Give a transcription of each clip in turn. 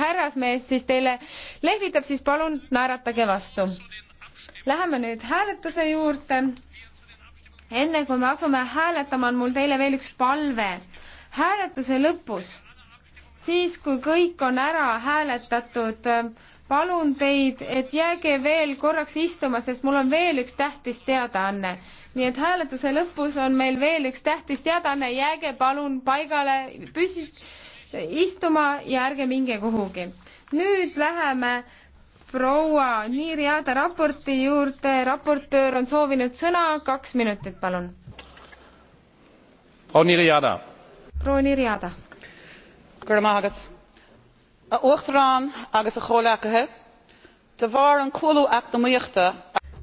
härrasmees siis teile lehvitab, siis palun naeratage vastu. Läheme nüüd hääletuse juurde. enne kui me asume hääletama, on mul teile veel üks palve. hääletuse lõpus, siis kui kõik on ära hääletatud, palun teid, et jääge veel korraks istuma, sest mul on veel üks tähtis teadaanne. nii et hääletuse lõpus on meil veel üks tähtis teadaanne, jääge palun paigale, püsi-, istuma ja ärge minge kuhugi. nüüd läheme proua Niiriada raporti juurde, raportöör on soovinud sõna, kaks minutit, palun. proua Niiriada. proua Niiriada.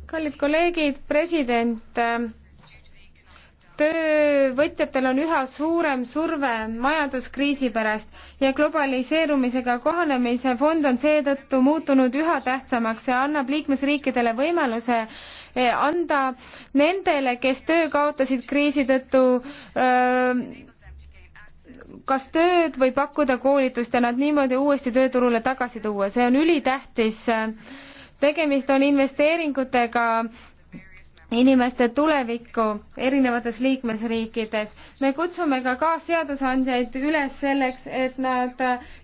kallid kolleegid, president eh, töövõtjatel on üha suurem surve majanduskriisi pärast ja globaliseerumisega kohanemise fond on seetõttu muutunud üha tähtsamaks ja annab liikmesriikidele võimaluse eh, anda nendele, kes töö kaotasid kriisi tõttu kas tööd või pakkuda koolitust ja nad niimoodi uuesti tööturule tagasi tuua, see on ülitähtis tegemist on investeeringutega inimeste tulevikku erinevates liikmesriikides. me kutsume ka kaasseadusandjaid üles selleks, et nad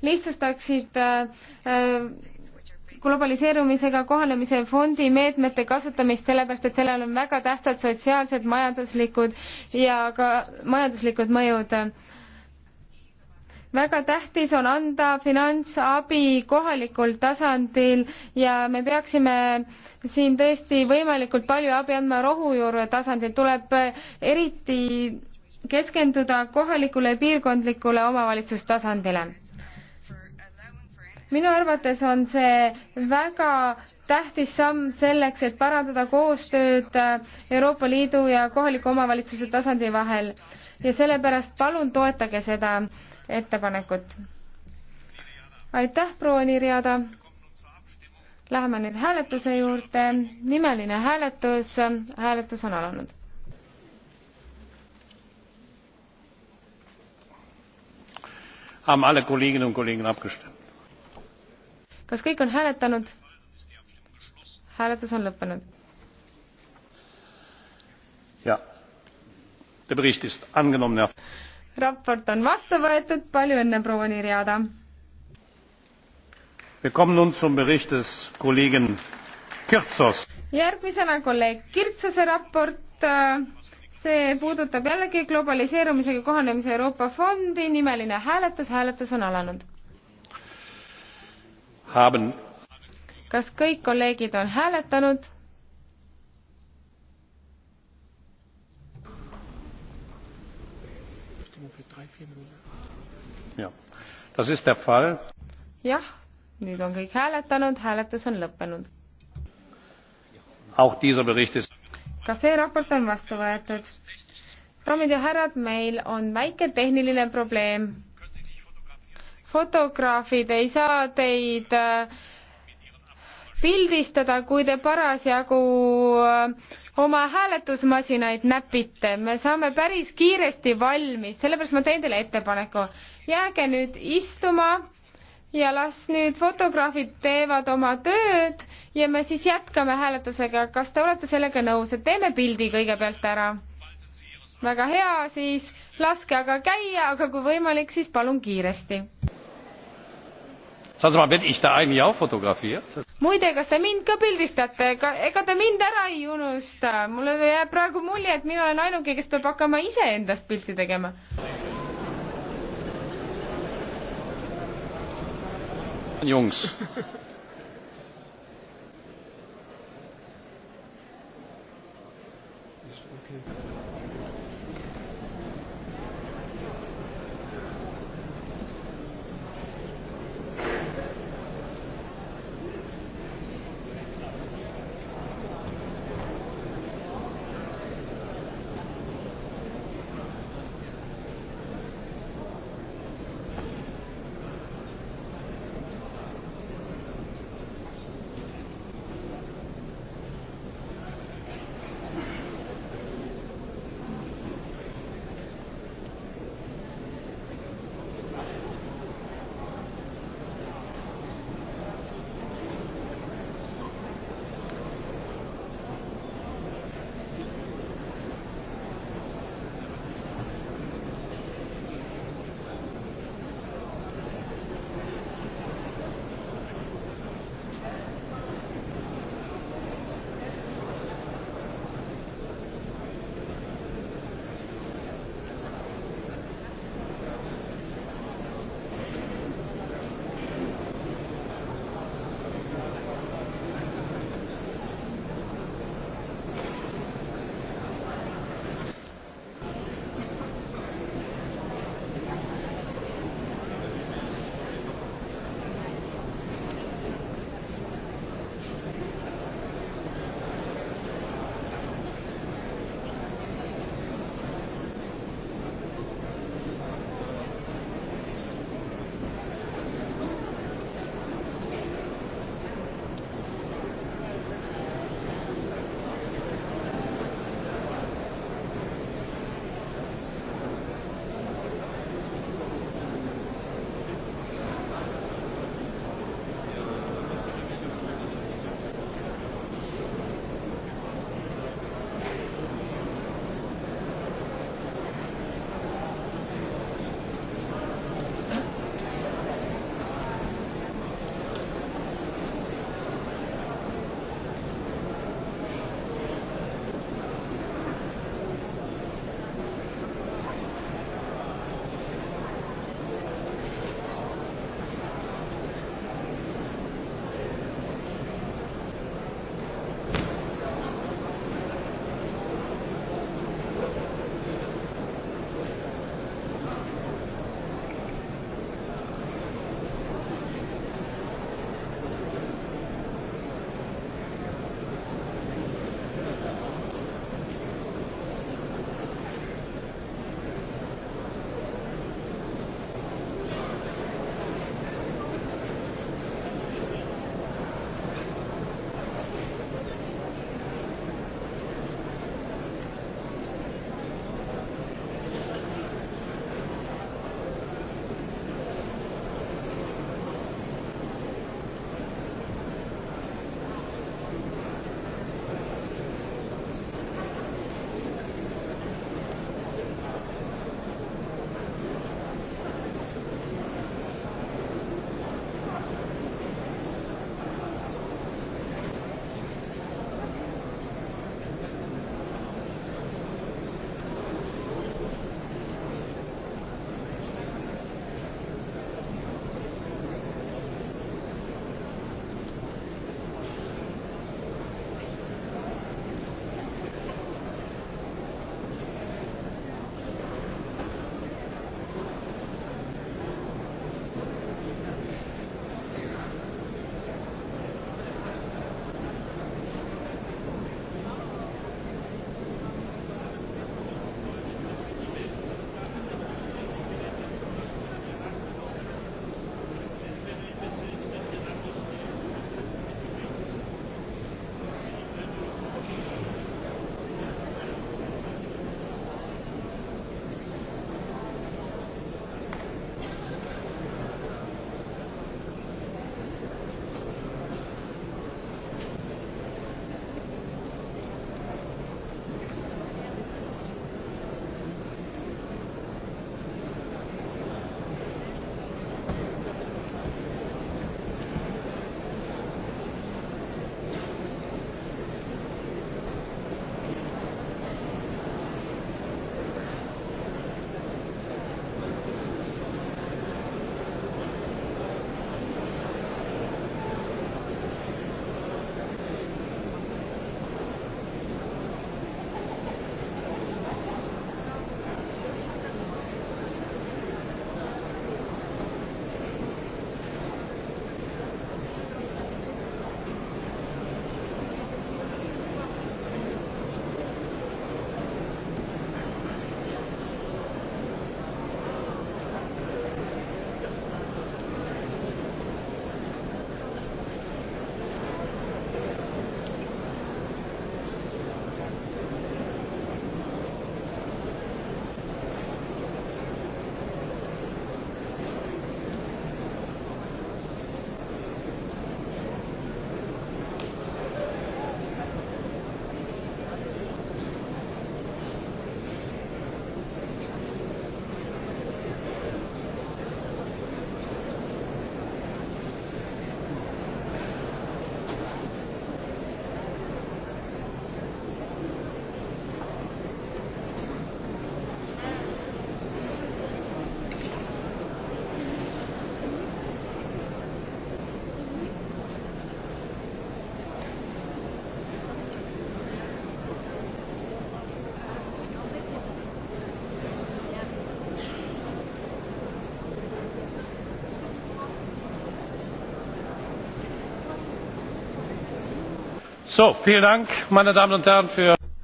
lihtsustaksid äh, globaliseerumisega kohanemise fondi meetmete kasutamist, sellepärast et sellel on väga tähtsad sotsiaalsed, majanduslikud ja ka majanduslikud mõjud väga tähtis on anda finantsabi kohalikul tasandil ja me peaksime siin tõesti võimalikult palju abi andma rohujuure tasandil, tuleb eriti keskenduda kohalikule piirkondlikule omavalitsustasandile. minu arvates on see väga tähtis samm selleks, et parandada koostööd Euroopa Liidu ja kohaliku omavalitsuse tasandi vahel ja sellepärast palun toetage seda ettepanekut. aitäh, proua Nirjada. Läheme nüüd hääletuse juurde. nimeline hääletus, hääletus on alanud. kas kõik on hääletanud? hääletus on lõppenud. ja. Der Bericht ist angenommen raport on vastu võetud, palju õnne, proua Nirjada! järgmisena kolleeg Kirtsose raport, see puudutab jällegi globaliseerumisega kohanemise Euroopa Fondi, nimeline hääletus, hääletus on alanud. kas kõik kolleegid on hääletanud? jah, nüüd on kõik hääletanud, hääletus on lõppenud. ka see raport on vastu võetud. daamid ja härrad, meil on väike tehniline probleem. fotograafid ei saa teid äh, pildistada, kui te parasjagu äh, oma hääletusmasinaid näpite. me saame päris kiiresti valmis, sellepärast ma teen teile ettepaneku. jääge nüüd istuma ja las nüüd fotograafid teevad oma tööd ja me siis jätkame hääletusega. kas te olete sellega nõus, et teeme pildi kõigepealt ära? väga hea, siis laske aga käia, aga kui võimalik, siis palun kiiresti muide kas te mind ka pildistate ega, ega te mind ära ei unusta mulle jääb praegu mulje et mina olen ainuke kes peab hakkama iseendast pilti tegema jungs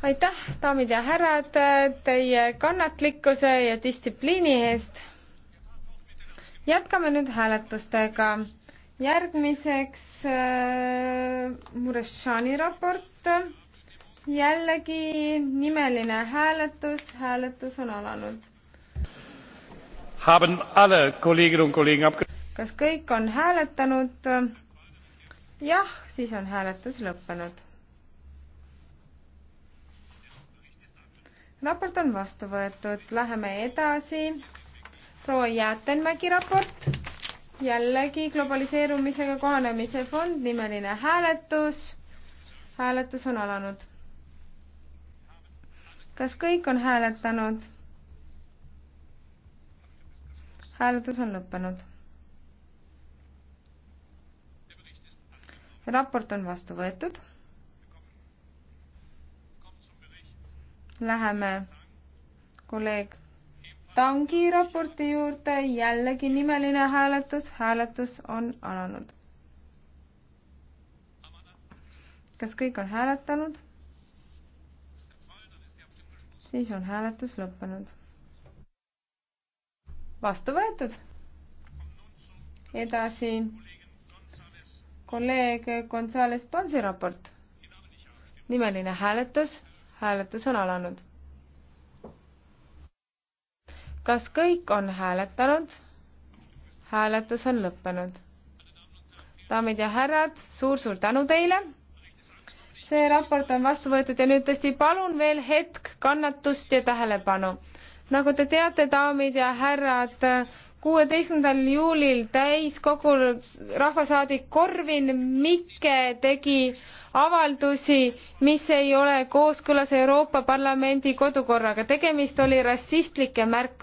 aitäh, daamid ja härrad, teie kannatlikkuse ja distsipliini eest. jätkame nüüd hääletustega. järgmiseks äh, Murešani raport. jällegi nimeline hääletus, hääletus on alanud. kas kõik on hääletanud? jah, siis on hääletus lõppenud. raport on vastu võetud, läheme edasi. proua Jäätenmägi raport, jällegi globaliseerumisega kohanemise fond, nimeline hääletus. hääletus on alanud. kas kõik on hääletanud? hääletus on lõppenud raport on vastu võetud. Läheme kolleeg Tangi raporti juurde, jällegi nimeline hääletus, hääletus on alanud. kas kõik on hääletanud? siis on hääletus lõppenud. vastu võetud. edasi kolleeg Gonzales Ponsi raport. nimeline hääletus, hääletus on alanud. kas kõik on hääletanud? hääletus on lõppenud. daamid ja härrad suur,, suur-suur tänu teile. see raport on vastu võetud ja nüüd tõesti palun veel hetk kannatust ja tähelepanu. nagu te teate, daamid ja härrad, kuueteistkümnendal juulil täiskogul rahvasaadik Korvin Mikke tegi avaldusi, mis ei ole kooskõlas Euroopa Parlamendi kodukorraga. tegemist oli rassistlike märkustega.